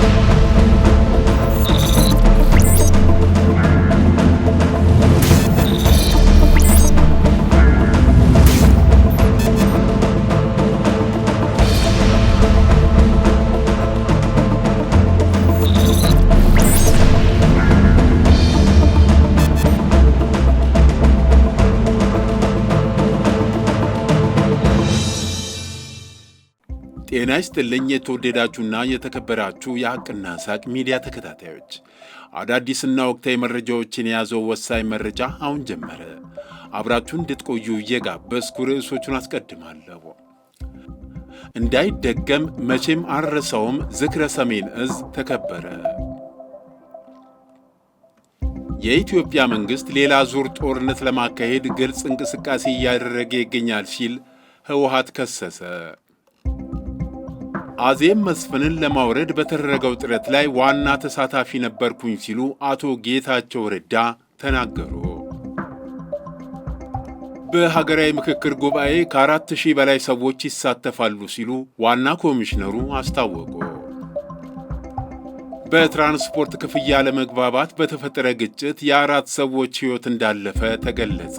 Thank you. ጤና ይስጥልኝ የተወደዳችሁና የተከበራችሁ የሐቅና ሳቅ ሚዲያ ተከታታዮች፣ አዳዲስና ወቅታዊ መረጃዎችን የያዘው ወሳኝ መረጃ አሁን ጀመረ። አብራችሁን እንድትቆዩ እየጋበዝኩ ርዕሶቹን አስቀድማለሁ። እንዳይደገም መቼም አረሰውም ዝክረ ሰሜን እዝ ተከበረ። የኢትዮጵያ መንግሥት ሌላ ዙር ጦርነት ለማካሄድ ግልጽ እንቅስቃሴ እያደረገ ይገኛል ሲል ህወሓት ከሰሰ። አዜብ መስፍንን ለማውረድ በተደረገው ጥረት ላይ ዋና ተሳታፊ ነበርኩኝ ሲሉ አቶ ጌታቸው ረዳ ተናገሩ። በሀገራዊ ምክክር ጉባኤ ከአራት ሺህ በላይ ሰዎች ይሳተፋሉ ሲሉ ዋና ኮሚሽነሩ አስታወቁ። በትራንስፖርት ክፍያ ለመግባባት በተፈጠረ ግጭት የአራት ሰዎች ሕይወት እንዳለፈ ተገለጸ።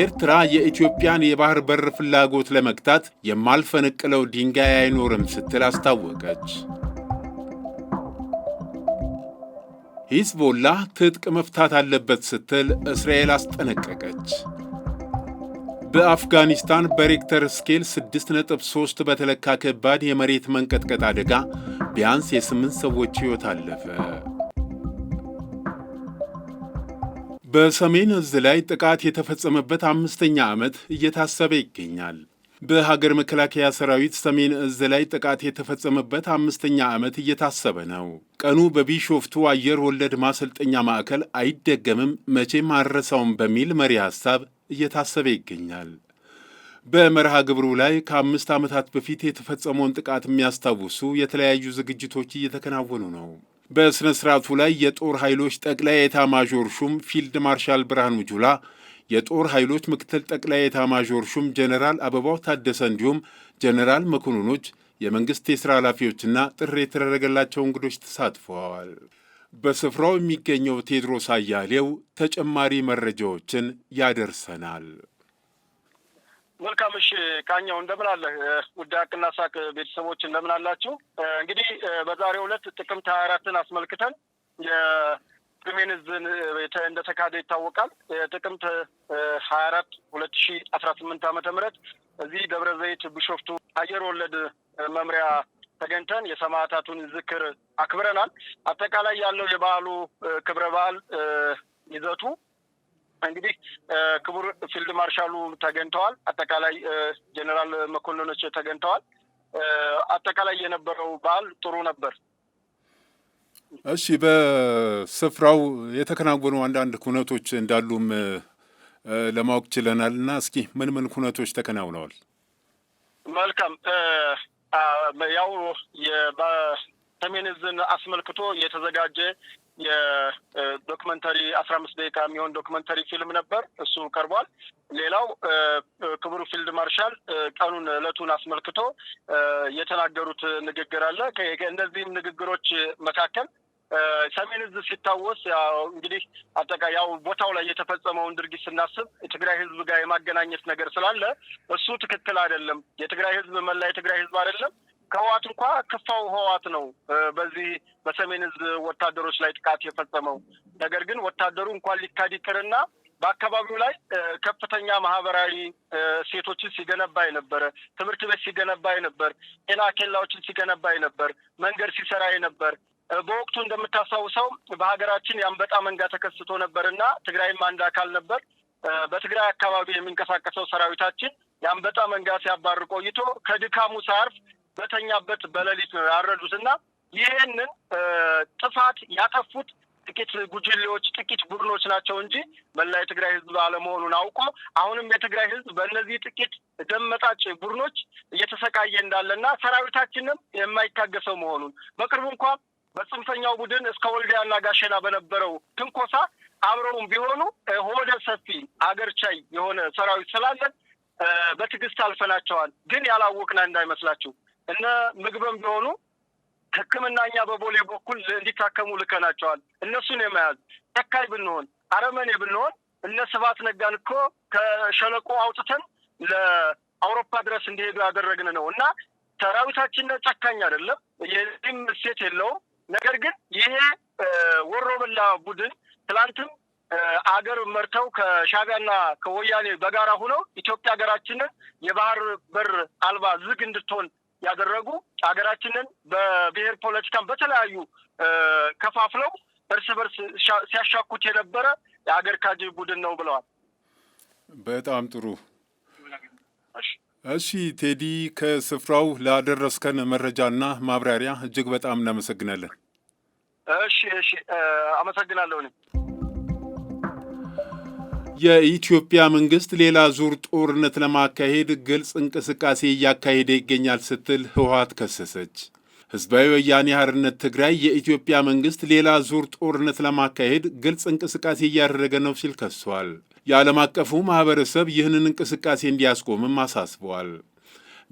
ኤርትራ የኢትዮጵያን የባህር በር ፍላጎት ለመግታት የማልፈነቅለው ድንጋይ አይኖርም ስትል አስታወቀች። ሂዝቦላ ትጥቅ መፍታት አለበት ስትል እስራኤል አስጠነቀቀች። በአፍጋኒስታን በሬክተር ስኬል 6.3 በተለካ ከባድ የመሬት መንቀጥቀጥ አደጋ ቢያንስ የስምንት ሰዎች ሕይወት አለፈ። በሰሜን እዝ ላይ ጥቃት የተፈጸመበት አምስተኛ ዓመት እየታሰበ ይገኛል። በሀገር መከላከያ ሰራዊት ሰሜን እዝ ላይ ጥቃት የተፈጸመበት አምስተኛ ዓመት እየታሰበ ነው። ቀኑ በቢሾፍቱ አየር ወለድ ማሰልጠኛ ማዕከል አይደገምም መቼም አረሳውም በሚል መሪ ሐሳብ እየታሰበ ይገኛል። በመርሃ ግብሩ ላይ ከአምስት ዓመታት በፊት የተፈጸመውን ጥቃት የሚያስታውሱ የተለያዩ ዝግጅቶች እየተከናወኑ ነው። በሥነ ሥርዓቱ ላይ የጦር ኃይሎች ጠቅላይ ኤታማዦር ሹም ፊልድ ማርሻል ብርሃኑ ጁላ፣ የጦር ኃይሎች ምክትል ጠቅላይ ኤታማዦር ሹም ጀኔራል አበባው ታደሰ እንዲሁም ጀነራል መኮንኖች፣ የመንግሥት የሥራ ኃላፊዎችና ጥሪ የተደረገላቸው እንግዶች ተሳትፈዋል። በስፍራው የሚገኘው ቴድሮስ አያሌው ተጨማሪ መረጃዎችን ያደርሰናል። መልካም እሺ፣ ቃኛው እንደምን አለህ? ውድ ሀቅና ሳቅ ቤተሰቦች እንደምን አላችሁ? እንግዲህ በዛሬው ዕለት ጥቅምት ሀያ አራትን አስመልክተን የሰሜን ዕዝን እንደተካሄደ ይታወቃል። ጥቅምት ሀያ አራት ሁለት ሺ አስራ ስምንት ዓመተ ምህረት እዚህ ደብረ ዘይት ቢሾፍቱ አየር ወለድ መምሪያ ተገኝተን የሰማዕታቱን ዝክር አክብረናል። አጠቃላይ ያለው የበዓሉ ክብረ በዓል ይዘቱ እንግዲህ ክቡር ፊልድ ማርሻሉ ተገኝተዋል። አጠቃላይ ጀኔራል መኮንኖች ተገኝተዋል። አጠቃላይ የነበረው በዓል ጥሩ ነበር። እሺ፣ በስፍራው የተከናወኑ አንዳንድ ኩነቶች እንዳሉም ለማወቅ ችለናል እና እስኪ ምን ምን ኩነቶች ተከናውነዋል? መልካም ያው በሰሜን ዕዝን አስመልክቶ የተዘጋጀ የዶክመንተሪ አስራ አምስት ደቂቃ የሚሆን ዶክመንተሪ ፊልም ነበር። እሱ ቀርቧል። ሌላው ክቡር ፊልድ ማርሻል ቀኑን እለቱን አስመልክቶ የተናገሩት ንግግር አለ። እነዚህም ንግግሮች መካከል ሰሜን ህዝብ ሲታወስ እንግዲህ አጠቃ ያው ቦታው ላይ የተፈጸመውን ድርጊት ስናስብ የትግራይ ህዝብ ጋር የማገናኘት ነገር ስላለ እሱ ትክክል አይደለም። የትግራይ ህዝብ መላ የትግራይ ህዝብ አይደለም ከህዋት እንኳ ክፋው ህዋት ነው በዚህ በሰሜን ህዝብ ወታደሮች ላይ ጥቃት የፈጸመው። ነገር ግን ወታደሩ እንኳን ሊካድ ይቅርና በአካባቢው ላይ ከፍተኛ ማህበራዊ ሴቶችን ሲገነባ የነበረ ትምህርት ቤት ሲገነባ የነበር ጤና ኬላዎችን ሲገነባ የነበር መንገድ ሲሰራ የነበር በወቅቱ እንደምታስታውሰው በሀገራችን የአንበጣ መንጋ ተከስቶ ነበር እና ትግራይም አንድ አካል ነበር። በትግራይ አካባቢ የሚንቀሳቀሰው ሰራዊታችን የአንበጣ መንጋ ሲያባር ቆይቶ ከድካሙ ሳርፍ በተኛበት በሌሊት ነው ያረዱትና ይህንን ጥፋት ያጠፉት ጥቂት ጉጅሌዎች፣ ጥቂት ቡድኖች ናቸው እንጂ መላ የትግራይ ህዝብ አለመሆኑን አውቆ አሁንም የትግራይ ህዝብ በእነዚህ ጥቂት ደመጣጭ ቡድኖች እየተሰቃየ እንዳለና ሰራዊታችንም የማይታገሰው መሆኑን በቅርቡ እንኳ በጽንፈኛው ቡድን እስከ ወልዲያና ጋሸና በነበረው ትንኮሳ አብረውም ቢሆኑ ሆደ ሰፊ አገር ቻይ የሆነ ሰራዊት ስላለን በትዕግስት አልፈናቸዋል። ግን ያላወቅን እንዳይመስላችሁ እነ ምግብም ቢሆኑ ሕክምና እኛ በቦሌ በኩል እንዲታከሙ ልከናቸዋል። እነሱን የመያዝ ጨካኝ ብንሆን አረመኔ ብንሆን እነ ስብሐት ነጋን እኮ ከሸለቆ አውጥተን ለአውሮፓ ድረስ እንዲሄዱ ያደረግን ነው እና ሰራዊታችን ጨካኝ አይደለም፣ የዚህም እሴት የለውም። ነገር ግን ይሄ ወሮበላ ቡድን ትላንትም አገር መርተው ከሻቢያና ከወያኔ በጋራ ሆነው ኢትዮጵያ ሀገራችንን የባህር በር አልባ ዝግ እንድትሆን ያደረጉ ሀገራችንን በብሔር ፖለቲካን በተለያዩ ከፋፍለው እርስ በርስ ሲያሻኩት የነበረ የሀገር ካጅ ቡድን ነው ብለዋል። በጣም ጥሩ። እሺ ቴዲ፣ ከስፍራው ላደረስከን መረጃና ማብራሪያ እጅግ በጣም እናመሰግናለን። እሺ እሺ፣ አመሰግናለሁ እኔ የኢትዮጵያ መንግስት ሌላ ዙር ጦርነት ለማካሄድ ግልጽ እንቅስቃሴ እያካሄደ ይገኛል ስትል ህወሓት ከሰሰች። ህዝባዊ ወያኔ ሓርነት ትግራይ የኢትዮጵያ መንግስት ሌላ ዙር ጦርነት ለማካሄድ ግልጽ እንቅስቃሴ እያደረገ ነው ሲል ከሷል። የዓለም አቀፉ ማህበረሰብ ይህንን እንቅስቃሴ እንዲያስቆምም አሳስበዋል።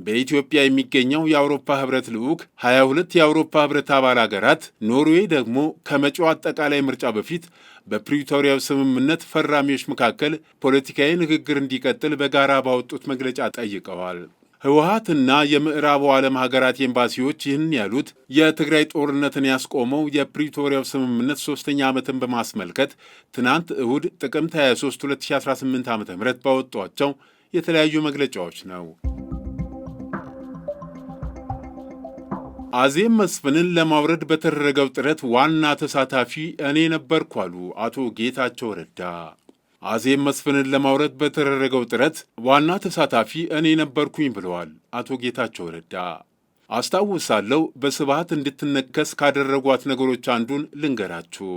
በኢትዮጵያ የሚገኘው የአውሮፓ ህብረት ልዑክ 22 የአውሮፓ ህብረት አባል አገራት፣ ኖርዌይ ደግሞ ከመጪው አጠቃላይ ምርጫ በፊት በፕሪቶሪያው ስምምነት ፈራሚዎች መካከል ፖለቲካዊ ንግግር እንዲቀጥል በጋራ ባወጡት መግለጫ ጠይቀዋል። ህወሀትና የምዕራቡ ዓለም ሀገራት ኤምባሲዎች ይህን ያሉት የትግራይ ጦርነትን ያስቆመው የፕሪቶሪያው ስምምነት ሶስተኛ ዓመትን በማስመልከት ትናንት እሁድ ጥቅምት 23 2018 ዓ ም ባወጧቸው የተለያዩ መግለጫዎች ነው። አዜብ መስፍንን ለማውረድ በተደረገው ጥረት ዋና ተሳታፊ እኔ ነበርኩ አሉ አቶ ጌታቸው ረዳ። አዜብ መስፍንን ለማውረድ በተደረገው ጥረት ዋና ተሳታፊ እኔ ነበርኩኝ ብለዋል አቶ ጌታቸው ረዳ። አስታውሳለሁ፣ በስብሃት እንድትነከስ ካደረጓት ነገሮች አንዱን ልንገራችሁ።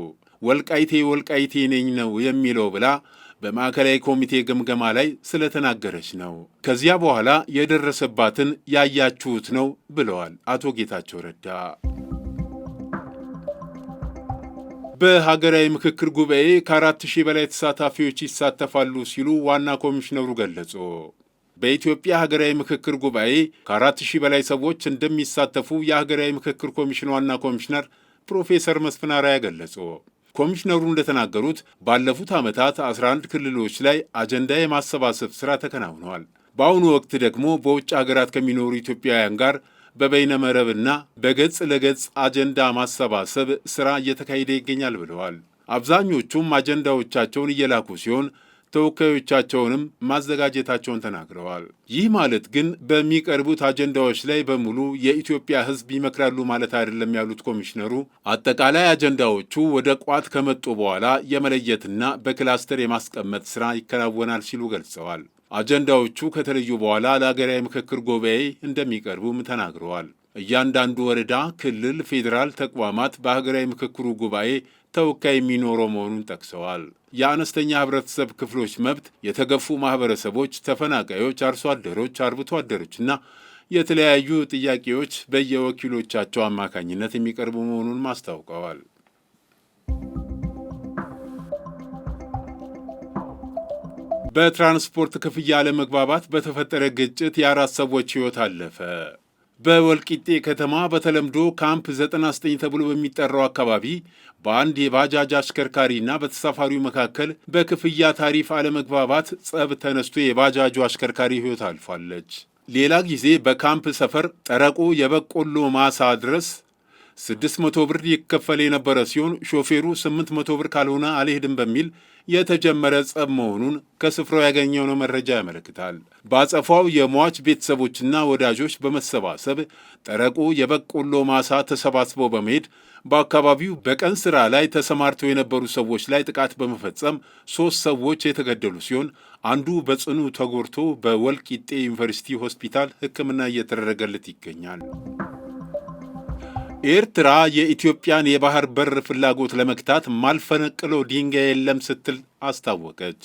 ወልቃይቴ ወልቃይቴ ነኝ ነው የሚለው ብላ በማዕከላዊ ኮሚቴ ግምገማ ላይ ስለተናገረች ነው። ከዚያ በኋላ የደረሰባትን ያያችሁት ነው ብለዋል አቶ ጌታቸው ረዳ። በሀገራዊ ምክክር ጉባኤ ከአራት ሺህ በላይ ተሳታፊዎች ይሳተፋሉ ሲሉ ዋና ኮሚሽነሩ ገለጹ። በኢትዮጵያ ሀገራዊ ምክክር ጉባኤ ከአራት ሺህ በላይ ሰዎች እንደሚሳተፉ የሀገራዊ ምክክር ኮሚሽን ዋና ኮሚሽነር ፕሮፌሰር መስፍን አራያ ገለጹ። ኮሚሽነሩ እንደተናገሩት ባለፉት ዓመታት 11 ክልሎች ላይ አጀንዳ የማሰባሰብ ስራ ተከናውነዋል። በአሁኑ ወቅት ደግሞ በውጭ ሀገራት ከሚኖሩ ኢትዮጵያውያን ጋር በበይነ መረብና በገጽ ለገጽ አጀንዳ ማሰባሰብ ስራ እየተካሄደ ይገኛል ብለዋል። አብዛኞቹም አጀንዳዎቻቸውን እየላኩ ሲሆን ተወካዮቻቸውንም ማዘጋጀታቸውን ተናግረዋል። ይህ ማለት ግን በሚቀርቡት አጀንዳዎች ላይ በሙሉ የኢትዮጵያ ሕዝብ ይመክራሉ ማለት አይደለም ያሉት ኮሚሽነሩ አጠቃላይ አጀንዳዎቹ ወደ ቋት ከመጡ በኋላ የመለየትና በክላስተር የማስቀመጥ ስራ ይከናወናል ሲሉ ገልጸዋል። አጀንዳዎቹ ከተለዩ በኋላ ለሀገራዊ ምክክር ጉባኤ እንደሚቀርቡም ተናግረዋል። እያንዳንዱ ወረዳ፣ ክልል፣ ፌዴራል ተቋማት በሀገራዊ ምክክሩ ጉባኤ ተወካይ የሚኖረው መሆኑን ጠቅሰዋል። የአነስተኛ ህብረተሰብ ክፍሎች መብት የተገፉ ማህበረሰቦች፣ ተፈናቃዮች፣ አርሶ አደሮች፣ አርብቶ አደሮችና የተለያዩ ጥያቄዎች በየወኪሎቻቸው አማካኝነት የሚቀርቡ መሆኑን አስታውቀዋል። በትራንስፖርት ክፍያ አለመግባባት በተፈጠረ ግጭት የአራት ሰዎች ሕይወት አለፈ። በወልቂጤ ከተማ በተለምዶ ካምፕ 99 ተብሎ በሚጠራው አካባቢ በአንድ የባጃጅ አሽከርካሪና በተሳፋሪው መካከል በክፍያ ታሪፍ አለመግባባት ጸብ ተነስቶ የባጃጁ አሽከርካሪ ሕይወት አልፋለች። ሌላ ጊዜ በካምፕ ሰፈር ጠረቁ የበቆሎ ማሳ ድረስ 600 ብር ይከፈል የነበረ ሲሆን ሾፌሩ 800 ብር ካልሆነ አልሄድም በሚል የተጀመረ ጸብ መሆኑን ከስፍራው ነው መረጃ ያመለክታል። በአጸፋው የሟች ቤተሰቦችና ወዳጆች በመሰባሰብ ጠረቁ የበቆሎ ማሳ ተሰባስበው በመሄድ በአካባቢው በቀን ስራ ላይ ተሰማርተው የነበሩ ሰዎች ላይ ጥቃት በመፈጸም ሦስት ሰዎች የተገደሉ ሲሆን አንዱ በጽኑ ተጎድቶ በወልቂጤ ዩኒቨርሲቲ ሆስፒታል ሕክምና እየተደረገለት ይገኛል። ኤርትራ የኢትዮጵያን የባህር በር ፍላጎት ለመግታት ማልፈነቅለው ድንጋይ የለም ስትል አስታወቀች።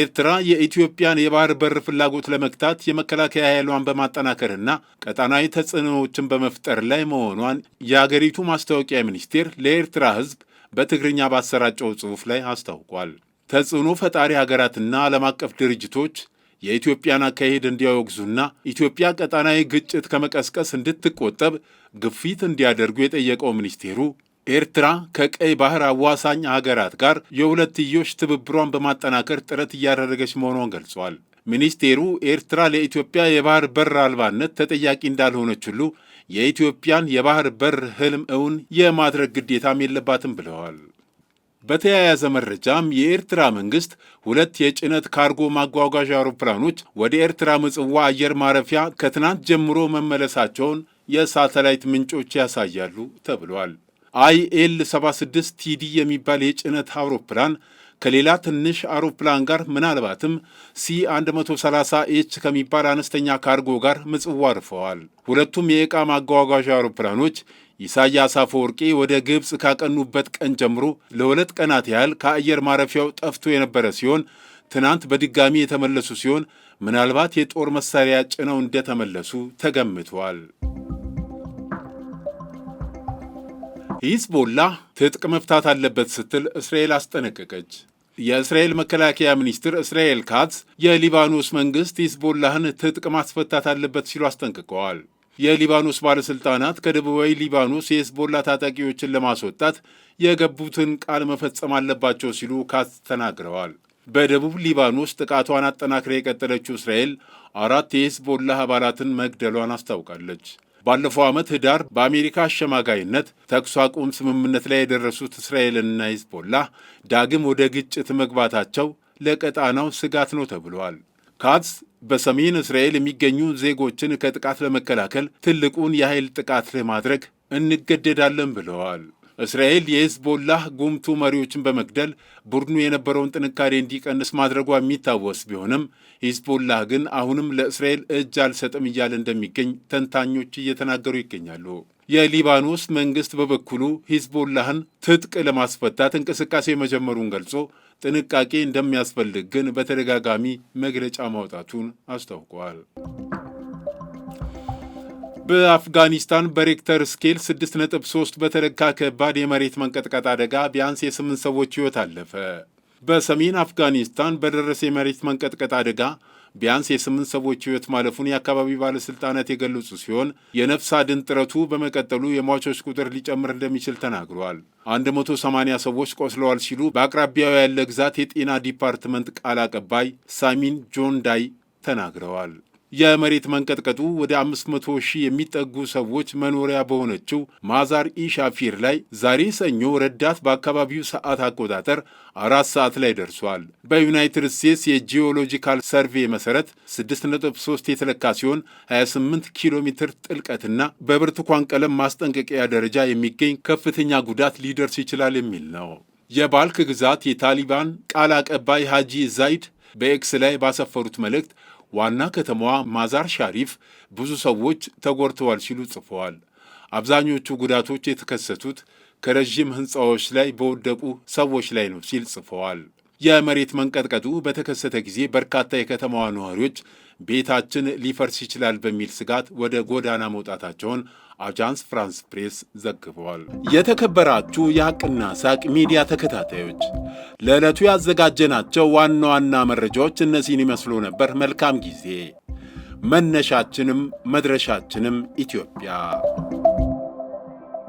ኤርትራ የኢትዮጵያን የባህር በር ፍላጎት ለመግታት የመከላከያ ኃይሏን በማጠናከርና ቀጣናዊ ተጽዕኖዎችን በመፍጠር ላይ መሆኗን የአገሪቱ ማስታወቂያ ሚኒስቴር ለኤርትራ ሕዝብ በትግርኛ ባሰራጨው ጽሑፍ ላይ አስታውቋል። ተጽዕኖ ፈጣሪ ሀገራትና ዓለም አቀፍ ድርጅቶች የኢትዮጵያን አካሄድ እንዲያወግዙና ኢትዮጵያ ቀጣናዊ ግጭት ከመቀስቀስ እንድትቆጠብ ግፊት እንዲያደርጉ የጠየቀው ሚኒስቴሩ ኤርትራ ከቀይ ባህር አዋሳኝ ሀገራት ጋር የሁለትዮሽ ትብብሯን በማጠናከር ጥረት እያደረገች መሆኗን ገልጿል። ሚኒስቴሩ ኤርትራ ለኢትዮጵያ የባህር በር አልባነት ተጠያቂ እንዳልሆነች ሁሉ የኢትዮጵያን የባህር በር ህልም እውን የማድረግ ግዴታም የለባትም ብለዋል። በተያያዘ መረጃም የኤርትራ መንግስት ሁለት የጭነት ካርጎ ማጓጓዣ አውሮፕላኖች ወደ ኤርትራ ምጽዋ አየር ማረፊያ ከትናንት ጀምሮ መመለሳቸውን የሳተላይት ምንጮች ያሳያሉ ተብሏል። አይኤል 76 ቲዲ የሚባል የጭነት አውሮፕላን ከሌላ ትንሽ አውሮፕላን ጋር ምናልባትም ሲ 130 ኤች ከሚባል አነስተኛ ካርጎ ጋር ምጽዋ አርፈዋል። ሁለቱም የዕቃ ማጓጓዣ አውሮፕላኖች ኢሳያስ አፈወርቂ ወደ ግብፅ ካቀኑበት ቀን ጀምሮ ለሁለት ቀናት ያህል ከአየር ማረፊያው ጠፍቶ የነበረ ሲሆን ትናንት በድጋሚ የተመለሱ ሲሆን ምናልባት የጦር መሳሪያ ጭነው እንደተመለሱ ተገምቷል። ሂዝቦላ ትጥቅ መፍታት አለበት ስትል እስራኤል አስጠነቀቀች። የእስራኤል መከላከያ ሚኒስትር እስራኤል ካትስ የሊባኖስ መንግሥት ሂዝቦላህን ትጥቅ ማስፈታት አለበት ሲሉ አስጠንቅቀዋል። የሊባኖስ ባለሥልጣናት ከደቡባዊ ሊባኖስ የሄዝቦላ ታጣቂዎችን ለማስወጣት የገቡትን ቃል መፈጸም አለባቸው ሲሉ ካት ተናግረዋል። በደቡብ ሊባኖስ ጥቃቷን አጠናክራ የቀጠለችው እስራኤል አራት የሄዝቦላ አባላትን መግደሏን አስታውቃለች። ባለፈው ዓመት ህዳር በአሜሪካ አሸማጋይነት ተኩስ አቁም ስምምነት ላይ የደረሱት እስራኤልና ሄዝቦላ ዳግም ወደ ግጭት መግባታቸው ለቀጣናው ስጋት ነው ተብሏል። ካትስ በሰሜን እስራኤል የሚገኙ ዜጎችን ከጥቃት ለመከላከል ትልቁን የኃይል ጥቃት ለማድረግ እንገደዳለን ብለዋል። እስራኤል የሂዝቦላህ ጉምቱ መሪዎችን በመግደል ቡድኑ የነበረውን ጥንካሬ እንዲቀንስ ማድረጓ የሚታወስ ቢሆንም ሂዝቦላህ ግን አሁንም ለእስራኤል እጅ አልሰጥም እያለ እንደሚገኝ ተንታኞች እየተናገሩ ይገኛሉ። የሊባኖስ መንግሥት በበኩሉ ሂዝቦላህን ትጥቅ ለማስፈታት እንቅስቃሴ መጀመሩን ገልጾ ጥንቃቄ እንደሚያስፈልግ ግን በተደጋጋሚ መግለጫ ማውጣቱን አስታውቋል። በአፍጋኒስታን በሬክተር ስኬል 6.3 በተለካ ከባድ የመሬት መንቀጥቀጥ አደጋ ቢያንስ የስምንት ሰዎች ሕይወት አለፈ። በሰሜን አፍጋኒስታን በደረሰ የመሬት መንቀጥቀጥ አደጋ ቢያንስ የስምንት ሰዎች ሕይወት ማለፉን የአካባቢ ባለስልጣናት የገለጹ ሲሆን የነፍስ አድን ጥረቱ በመቀጠሉ የሟቾች ቁጥር ሊጨምር እንደሚችል ተናግረዋል። 180 ሰዎች ቆስለዋል ሲሉ በአቅራቢያው ያለ ግዛት የጤና ዲፓርትመንት ቃል አቀባይ ሳሚን ጆንዳይ ተናግረዋል። የመሬት መንቀጥቀጡ ወደ 500 ሺህ የሚጠጉ ሰዎች መኖሪያ በሆነችው ማዛር ኢሻፊር ላይ ዛሬ ሰኞ ረዳት በአካባቢው ሰዓት አቆጣጠር አራት ሰዓት ላይ ደርሷል። በዩናይትድ ስቴትስ የጂኦሎጂካል ሰርቬ መሠረት 6.3 የተለካ ሲሆን 28 ኪሎ ሜትር ጥልቀትና በብርቱካን ቀለም ማስጠንቀቂያ ደረጃ የሚገኝ ከፍተኛ ጉዳት ሊደርስ ይችላል የሚል ነው። የባልክ ግዛት የታሊባን ቃል አቀባይ ሃጂ ዛይድ በኤክስ ላይ ባሰፈሩት መልእክት ዋና ከተማዋ ማዛር ሻሪፍ ብዙ ሰዎች ተጎድተዋል ሲሉ ጽፈዋል። አብዛኞቹ ጉዳቶች የተከሰቱት ከረዥም ሕንፃዎች ላይ በወደቁ ሰዎች ላይ ነው ሲል ጽፈዋል። የመሬት መንቀጥቀጡ በተከሰተ ጊዜ በርካታ የከተማዋ ነዋሪዎች ቤታችን ሊፈርስ ይችላል በሚል ስጋት ወደ ጎዳና መውጣታቸውን አጃንስ ፍራንስ ፕሬስ ዘግበዋል። የተከበራችሁ የሐቅና ሳቅ ሚዲያ ተከታታዮች ለዕለቱ ያዘጋጀናቸው ዋና ዋና መረጃዎች እነዚህን ይመስሉ ነበር። መልካም ጊዜ። መነሻችንም መድረሻችንም ኢትዮጵያ